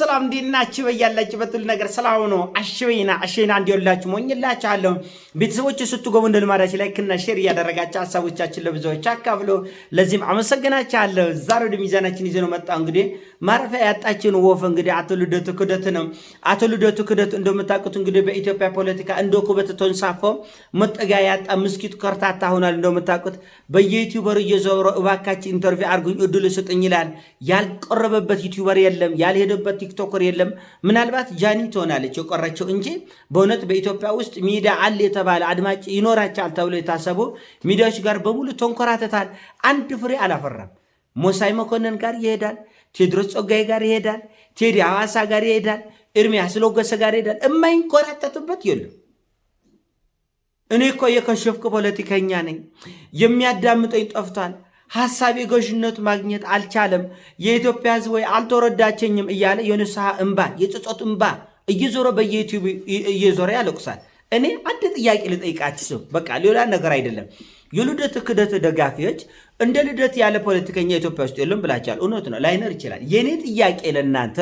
ሰላም እንዴት ናችሁ? በያላችሁበት ሁሉ ነገር ሰላም ነው። አሽበይና አሽበይና እንዲወላችሁ ሞኝላችኋለሁ። ቤተሰቦች ስትጎቡ እንደ ልማዳችሁ ላይክ እና ሼር እያደረጋችሁ ሀሳቦቻችን ለብዙዎች አካፍሎ ለዚህም አመሰግናችኋለሁ። ዛሬ ወደ ሚዛናችን ይዘነው መጣ እንግዲህ ማረፊያ ያጣችን ወፍ እንግዲህ አቶ ልደቱ ክደት ነው። አቶ ልደቱ ክደት እንደምታውቁት እንግዲህ በኢትዮጵያ ፖለቲካ እንደ ኩበት ተንሳፎ መጠጊያ ያጣ ምስኪት ከርታታ ሆኗል። እንደምታውቁት በየዩቲዩበሩ እየዞረ እባካችን ኢንተርቪው አርጉኝ እድል ስጥኝ ይላል። ያልቀረበበት ዩቲዩበር የለም፣ ያልሄደበት ቲክቶከር የለም። ምናልባት ጃኒ ትሆናለች የቆረችው እንጂ በእውነት በኢትዮጵያ ውስጥ ሚዲያ አለ የተባለ አድማጭ ይኖራቸዋል ተብሎ የታሰቡ ሚዲያዎች ጋር በሙሉ ተንኮራተታል። አንድ ፍሬ አላፈራም። ሞሳይ መኮንን ጋር ይሄዳል። ቴዎድሮስ ጸጋዬ ጋር ይሄዳል። ቴዲ ሐዋሳ ጋር ይሄዳል። ኤርሚያስ ለገሰ ጋር ይሄዳል። የማይንቆራጠጥበት የለም። እኔ እኮ የከሸፍኩ ፖለቲከኛ ነኝ፣ የሚያዳምጠኝ ጠፍቷል፣ ሀሳብ የገዥነቱ ማግኘት አልቻለም፣ የኢትዮጵያ ሕዝብ ወይ አልተረዳቸኝም እያለ የንስሐ እንባ የጸጸት እንባ እየዞረ በየዩቲዩብ እየዞረ ያለቅሳል። እኔ አንድ ጥያቄ ልጠይቃችሁ፣ በቃ ሌላ ነገር አይደለም። የልደት ክደት ደጋፊዎች እንደ ልደት ያለ ፖለቲከኛ ኢትዮጵያ ውስጥ የለም ብላችኋል። እውነት ነው፣ ላይኖር ይችላል። የእኔ ጥያቄ ለእናንተ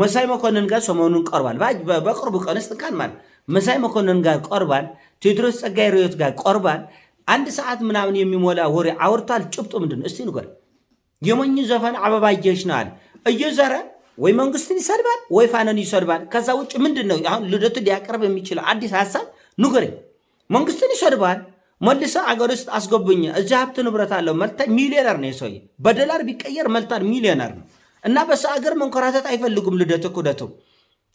መሳይ መኮንን ጋር ሰሞኑን ቀርቧል። በቅርቡ ቀንስ ጥቃን ማለት መሳይ መኮንን ጋር ቀርቧል። ቴዎድሮስ ጸጋይ ርዮት ጋር ቀርቧል። አንድ ሰዓት ምናምን የሚሞላ ወሬ አውርቷል። ጭብጡ ምንድን ነው? እስቲ ንገር። የሞኝ ዘፈን አበባ ነው ነዋል እየዘረ ወይ መንግስትን ይሰድባል ወይ ፋኖን ይሰድባል። ከዛ ውጭ ምንድን ነው አሁን ልደቱ ሊያቀርብ የሚችለው አዲስ ሀሳብ ንገረኝ። መንግስትን ይሰድባል መልሰ አገር ውስጥ አስገቡኝ። እዚህ ሀብት ንብረት አለው መልታ ሚሊዮነር ነው የሰው በዶላር ቢቀየር መልታን ሚሊዮነር ነው። እና በሰ አገር መንኮራተት አይፈልጉም። ልደቱ ክደቱ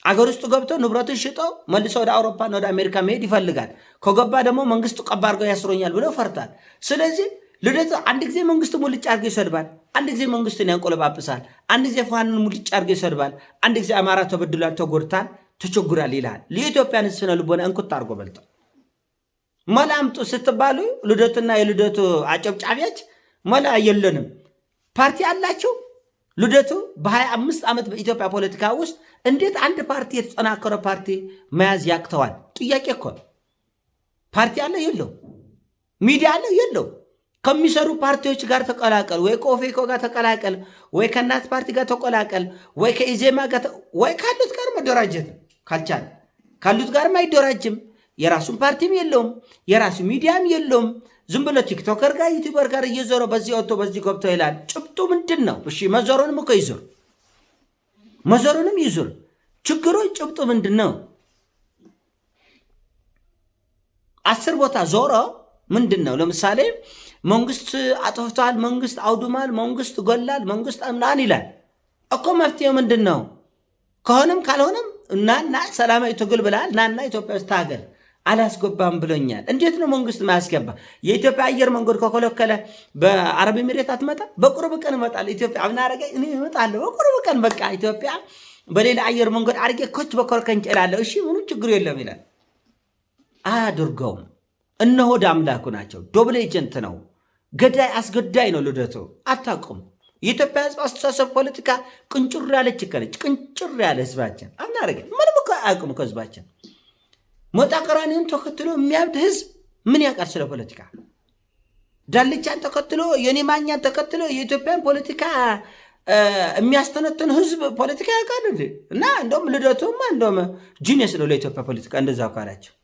አገር ውስጥ ገብቶ ንብረቱን ሽጦ መልሶ ወደ አውሮፓና ወደ አሜሪካ መሄድ ይፈልጋል። ከገባ ደግሞ መንግስቱ ቀባ አድርጎ ያስሮኛል ብሎ ፈርታል። ስለዚህ ልደቱ አንድ ጊዜ መንግስቱ ሙልጭ አድርጎ ይሰድባል፣ አንድ ጊዜ መንግስቱን ያንቆለባብሳል። አንድ ጊዜ ፋንን ሙልጭ አድርጎ ይሰድባል፣ አንድ ጊዜ አማራ ተበድሏል፣ ተጎድታል፣ ተቸጉራል ይልሃል። የኢትዮጵያን ስነ ልቦና እንኩት አርጎ በልጠው መላምጡ ስትባሉ ልደቱና የልደቱ አጨብጫቢያች መላ የለንም ፓርቲ አላቸው። ልደቱ በ25 ዓመት በኢትዮጵያ ፖለቲካ ውስጥ እንዴት አንድ ፓርቲ የተጠናከረ ፓርቲ መያዝ ያቅተዋል? ጥያቄ እኮ ፓርቲ አለ የለው፣ ሚዲያ አለ የለው። ከሚሰሩ ፓርቲዎች ጋር ተቀላቀል፣ ወይ ከኦፌኮ ጋር ተቀላቀል፣ ወይ ከእናት ፓርቲ ጋር ተቀላቀል፣ ወይ ከኢዜማ ጋር ወይ ካሉት ጋር መደራጀት ካልቻለ ካሉት ጋርም አይደራጅም። የራሱን ፓርቲም የለውም፣ የራሱ ሚዲያም የለውም። ዝም ብሎ ቲክቶከር ጋር ዩቲበር ጋር እየዞረ በዚህ ወጥቶ በዚህ ገብቶ ይላል። ጭብጡ ምንድን ነው? እሺ መዞሩንም እኮ ይዙር፣ መዞሩንም ይዙር። ችግሩ ጭብጡ ምንድን ነው? አስር ቦታ ዞሮ ምንድን ነው? ለምሳሌ መንግስት አጥፍቷል፣ መንግስት አውድማል፣ መንግስት ጎላል፣ መንግስት ምናን ይላል እኮ። መፍትሄው ምንድን ነው? ከሆነም ካልሆነም እናና ሰላማዊ ትግል ብላል። ናና ኢትዮጵያ ውስጥ ሀገር? አላስገባም ብሎኛል። እንዴት ነው መንግስት ማያስገባ? የኢትዮጵያ አየር መንገድ ከከለከለ በአረብ ኤሚሬት አትመጣ? በቁርብ ቀን እመጣለሁ። ኢትዮጵያ አብና አረገ እኔ እመጣለሁ በቅርብ ቀን። በቃ ኢትዮጵያ በሌላ አየር መንገድ አድርጌ ኮች በኮልከኝ ጭላለሁ። እሺ ምኑ ችግሩ የለም ይላል። አያድርገውም። እነሆ ሆድ አምላኩ ናቸው። ዶብል ኤጀንት ነው። ገዳይ አስገዳይ ነው። ልደቱ አታውቁም። የኢትዮጵያ ህዝብ አስተሳሰብ፣ ፖለቲካ ቅንጭር ያለች ከለች ቅንጭር ያለ ህዝባችን አብና ምንም ምንም አያውቅም ከህዝባችን ሞጣ ቀራኒውን ተከትሎ የሚያብድ ህዝብ ምን ያውቃል ስለ ፖለቲካ? ዳልቻን ተከትሎ የኔማኛን ተከትሎ የኢትዮጵያን ፖለቲካ የሚያስተነትን ህዝብ ፖለቲካ ያውቃል እንዴ? እና እንደውም ልደቱማ እንደውም ጂኒየስ ነው ለኢትዮጵያ ፖለቲካ። እንደዛ ካላቸው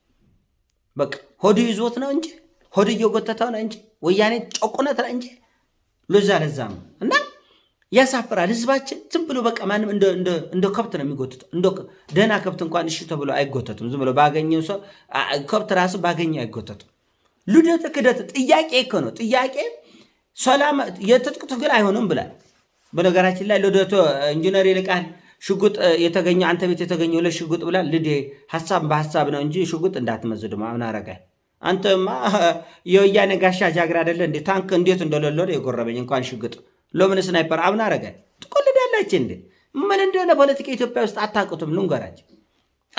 በቃ ሆዱ ይዞት ነው እንጂ ሆዱ እየጎተተው ነው እንጂ ወያኔ ጨቁነት ነው እንጂ ለዛ ለዛ ነው እና ያሳፍራል። ህዝባችን ዝም ብሎ በቃ ማንም እንደ ከብት ነው የሚጎትተው። ደህና ከብት እንኳን እሺ ተብሎ አይጎተቱም። ዝም ብሎ ባገኘው ሰው ከብት ራሱ ባገኘ አይጎተቱም። ልደት ክደት ጥያቄ እኮ ነው። ጥያቄ ሰላም የትጥቅ ትግል አይሆንም ብላል። በነገራችን ላይ ልደቶ ኢንጂነር ይልቃል ሽጉጥ የተገኘ አንተ ቤት የተገኘ ሁለት ሽጉጥ ብላል። ልዴ ሀሳብ በሀሳብ ነው እንጂ ሽጉጥ እንዳትመዝድ ምን አረጋል። አንተማ የወያኔ ጋሻ ጃግር አደለ እንዴ? ታንክ እንዴት እንደሌለ የጎረበኝ እንኳን ሽግጥ ሎምን ስናይፐር አብና አረጋል ትቆልዳላችሁ እንዴ? ምን እንደሆነ ፖለቲካ ኢትዮጵያ ውስጥ አታውቁትም። ልንገራችሁ፣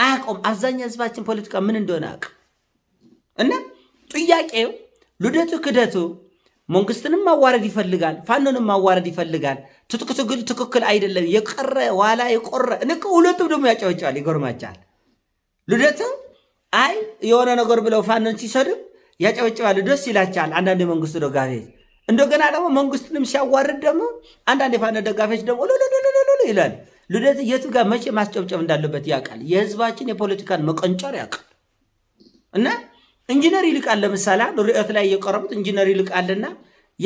አያውቀውም። አብዛኛው ህዝባችን ፖለቲካ ምን እንደሆነ አያውቅም። እና ጥያቄው ልደቱ ክደቱ መንግስትንም ማዋረድ ይፈልጋል፣ ፋኖንም ማዋረድ ይፈልጋል። ትጥቅ ትግል ትክክል አይደለም፣ የቀረ ዋላ የቆረ ንቅ ሁለቱም ደግሞ ያጫወጫዋል። ይጎርማቻል። ልደቱ አይ የሆነ ነገር ብለው ፋኖን ሲሰድብ ያጫወጫዋል። ደስ ይላቻል። አንዳንድ የመንግስቱ ደጋፊ እንደገና ደግሞ መንግስቱንም ሲያዋርድ ደግሞ አንዳንድ የፋኖ ደጋፊዎች ደግሞ ይላል። ልደት የቱ ጋር መቼ ማስጨብጨብ እንዳለበት ያውቃል። የህዝባችን የፖለቲካን መቀንጨር ያውቃል። እና ኢንጂነር ይልቃል ለምሳሌ አንድ ርዕዮት ላይ የቀረቡት ኢንጂነር ይልቃልና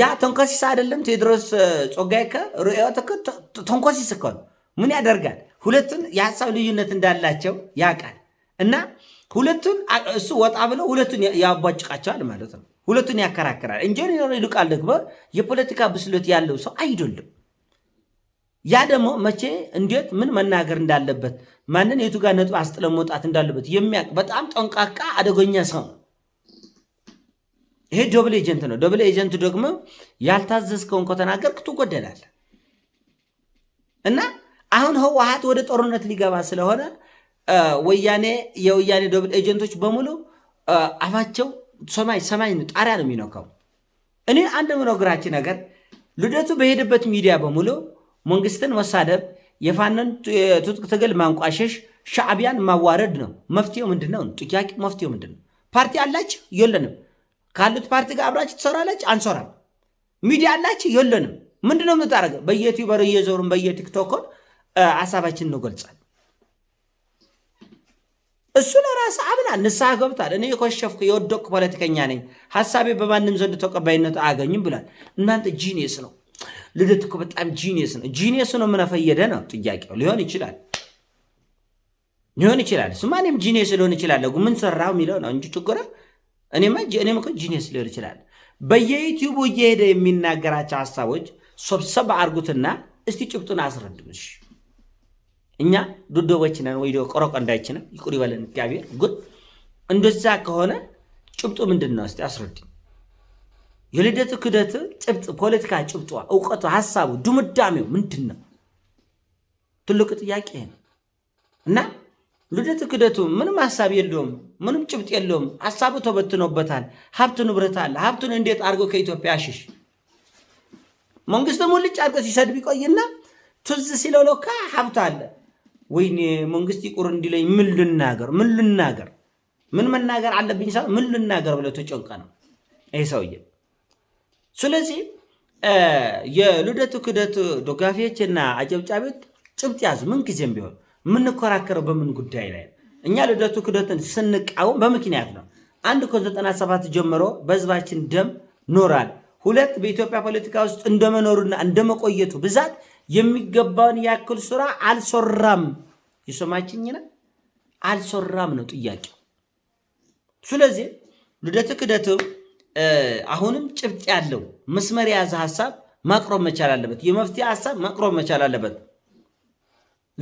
ያ ተንኮሲስ አይደለም ቴዎድሮስ ጾጋይ ከርዕዮት ተንኮሲስ እኮ ነው። ምን ያደርጋል? ሁለቱን የሀሳብ ልዩነት እንዳላቸው ያውቃል። እና ሁለቱን እሱ ወጣ ብለው ሁለቱን ያቧጭቃቸዋል ማለት ነው። ሁለቱን ያከራክራል። ኢንጂነር ይልቃል ደግሞ የፖለቲካ ብስለት ያለው ሰው አይደለም። ያ ደግሞ መቼ፣ እንዴት፣ ምን መናገር እንዳለበት ማንን የቱ ጋር ነጥብ አስጥለ መውጣት እንዳለበት የሚያውቅ በጣም ጠንቃቃ አደገኛ ሰው ነው። ይሄ ዶብል ኤጀንት ነው። ዶብል ኤጀንት ደግሞ ያልታዘዝከውን ከተናገርክ ትጎደላለህ። እና አሁን ህወሓት ወደ ጦርነት ሊገባ ስለሆነ ወያኔ የወያኔ ዶብል ኤጀንቶች በሙሉ አፋቸው ሰማይ ሰማይ ጣሪያ ነው የሚነካው። እኔ አንድ ምነግራችን ነገር ልደቱ በሄደበት ሚዲያ በሙሉ መንግስትን መሳደብ፣ የፋነን የትጥቅ ትግል ማንቋሸሽ፣ ሻዕቢያን ማዋረድ ነው። መፍትሄው ምንድን ነው? ጥያቄ መፍትሄው ምንድን ነው? ፓርቲ አላች የለንም። ካሉት ፓርቲ ጋር አብራችሁ ትሰራለች አንሰራም። ሚዲያ አላች የለንም። ምንድነው የምታደርገው? በየቲዩበሩ እየዞሩን በየቲክቶኮን ሀሳባችን እንገልጻል። እሱ ለራስ አምናል፣ ንስሐ ገብቷል። እኔ የኮሸፍኩ የወደቅ ፖለቲከኛ ነኝ፣ ሀሳቤ በማንም ዘንድ ተቀባይነት አያገኝም ብሏል። እናንተ ጂኒየስ ነው ልደት እኮ በጣም ጂኒየስ ነው። ጂኒየስ ነው ምነፈየደ ነው ጥያቄው። ሊሆን ይችላል ሊሆን ይችላል እሱ ማንም ጂኒየስ ሊሆን ይችላል። ምን ሰራው የሚለው ነው እንጂ ችግር እኔማ እኔም እኮ ጂኒየስ ሊሆን ይችላል። በየዩቲዩቡ እየሄደ የሚናገራቸው ሀሳቦች ሰብሰብ አርጉትና እስቲ ጭብጡን አስረድምሽ እኛ ዱዶቦች ነን ወይ ቆረቆንዳዎች ነን? ይቁር ይበለን እግዚአብሔር። ጉድ እንደዛ ከሆነ ጭብጡ ምንድን ነው? እስቲ አስረድኝ። የልደቱ ክደት ጭብጥ፣ ፖለቲካ ጭብጧ፣ እውቀቱ፣ ሀሳቡ፣ ድምዳሜው ምንድን ነው? ትልቅ ጥያቄ ነው። እና ልደቱ ክደቱ ምንም ሀሳብ የለውም፣ ምንም ጭብጥ የለውም። ሀሳቡ ተበትኖበታል። ሀብት ንብረት አለ። ሀብቱን እንዴት አድርጎ ከኢትዮጵያ አሽሽ መንግስቱ ሙልጭ አድርጎ ሲሰድብ ይቆይና ትዝ ሲለው ለካ ሀብት አለ ወይኔ መንግስት ይቁር እንዲለኝ ምን ልናገር ምን ልናገር ምን መናገር አለብኝ ሰው ምን ልናገር ብለ ተጨንቀ ነው ይሄ ሰውዬ። ስለዚህ የልደቱ ክደቱ ደጋፊዎች እና አጨብጫቢዎች ጭብጥ ያዙ። ምን ጊዜም ቢሆን የምንከራከረው በምን ጉዳይ ላይ እኛ ልደቱ ክደትን ስንቃወም በምክንያት ነው። አንድ ከዘጠና ሰባት ጀምሮ በህዝባችን ደም ኖራል። ሁለት በኢትዮጵያ ፖለቲካ ውስጥ እንደመኖሩና እንደመቆየቱ ብዛት የሚገባውን ያክል ስራ አልሰራም። የሰማችኝ ነ አልሰራም ነው ጥያቄው። ስለዚህ ልደት ክደት አሁንም ጭብጥ ያለው መስመር የያዘ ሀሳብ ማቅረብ መቻል አለበት። የመፍትሄ ሀሳብ ማቅረብ መቻል አለበት።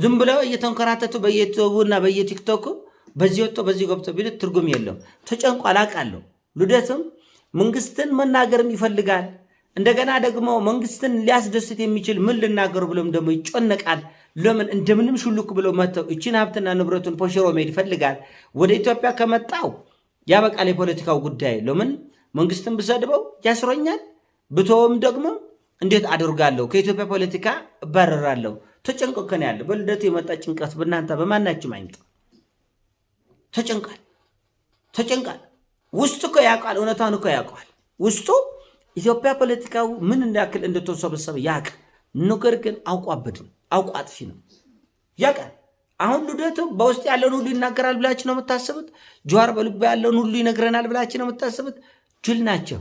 ዝም ብለው እየተንከራተቱ በየቱቡ እና በየቲክቶክ በዚህ ወጥቶ በዚህ ገብቶ ቢል ትርጉም የለው። ተጨንቆ አላቃለሁ። ልደትም መንግስትን መናገርም ይፈልጋል እንደገና ደግሞ መንግስትን ሊያስደስት የሚችል ምን ልናገሩ ብሎም ደግሞ ይጮነቃል። ለምን እንደምንም ሹልክ ብሎ መጥተው እችን ሀብትና ንብረቱን ፖሽሮ መሄድ ይፈልጋል። ወደ ኢትዮጵያ ከመጣው ያበቃል የፖለቲካው ጉዳይ። ለምን መንግስትን ብሰድበው ያስሮኛል፣ ብቶም ደግሞ እንዴት አደርጋለሁ? ከኢትዮጵያ ፖለቲካ እባረራለሁ። ተጨንቆከን ያለ በልደቱ የመጣ ጭንቀት በእናንተ በማናችም አይምጣ። ተጨንቃል፣ ተጨንቃል። ውስጡ እኮ ያውቃል፣ እውነታውን እኮ ውስጡ ኢትዮጵያ ፖለቲካው ምን እንዳክል እንደተሰበሰበ ያቅ ነገር ግን አውቆ አበድ ነው። አውቆ አጥፊ ነው ያቀ አሁን ልደቱ በውስጥ ያለውን ሁሉ ይናገራል ብላችሁ ነው የምታስቡት? ጀዋር በልቡ ያለውን ሁሉ ይነግረናል ብላችሁ ነው የምታስቡት? ጅል ናቸው፣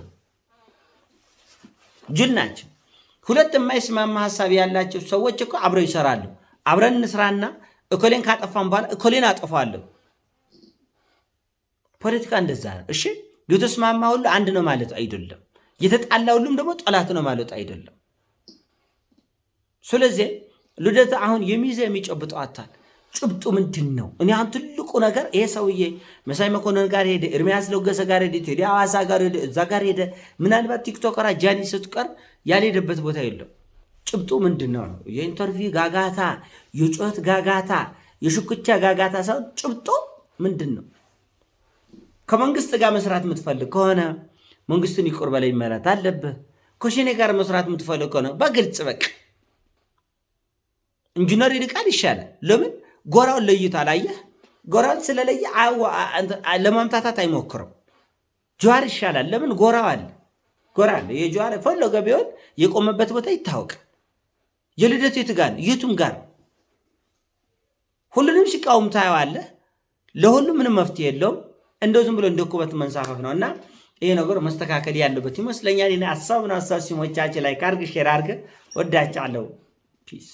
ጅል ናቸው። ሁለት የማይስማማ ሀሳብ ያላቸው ሰዎች እኮ አብረው ይሰራሉ። አብረን እንስራና እኮሌን ካጠፋን በኋላ እኮሌን አጠፋለሁ። ፖለቲካ እንደዛ ነው። እሺ የተስማማ ሁሉ አንድ ነው ማለት አይደለም። የተጣላ ሁሉም ደግሞ ጠላት ነው ማለት አይደለም። ስለዚህ ልደት አሁን የሚይዘ የሚጨብጠው አታል ጭብጡ ምንድን ነው? እኔ አሁን ትልቁ ነገር ይሄ ሰውዬ መሳይ መኮንን ጋር ሄደ፣ እርሚያስ ለገሰ ጋር ሄደ፣ ቴዲ አዋሳ ጋር ሄደ፣ እዛ ጋር ሄደ። ምናልባት ቲክቶከራ ጃኒ ስትቀር ያልሄደበት ቦታ የለም። ጭብጡ ምንድን ነው ነው የኢንተርቪው ጋጋታ፣ የጩኸት ጋጋታ፣ የሽኩቻ ጋጋታ ሳይሆን ጭብጡ ምንድን ነው? ከመንግስት ጋር መስራት የምትፈልግ ከሆነ መንግስቱን ይቁር በለኝ ማለት አለብህ። ከሸኔ ጋር መስራት የምትፈልግ ከሆነ በግልጽ በቃ ኢንጂነር ይልቃል ይሻላል። ለምን ጎራውን ለይቶ አላየህ? ጎራውን ስለለየ ለማምታታት አይሞክርም። ጀዋር ይሻላል። ለምን ጎራው አለ፣ ጎራ አለ። የጀዋር ፈለገ ቢሆን የቆመበት ቦታ ይታወቅ። የልደቱ የት ጋር የቱም ጋር ሁሉንም ሲቃወም ታየዋለህ። ለሁሉም ምንም መፍትሄ የለውም። እንደው ዝም ብሎ እንደ ኩበት መንሳፈፍ ነው እና ይሄ ነገር መስተካከል ያለበት ይመስለኛል። ሀሳብ ነው ሀሳብ ሲሞቻችን ላይ ካርግ ሼር አርገ ወዳቻለሁ። ፒስ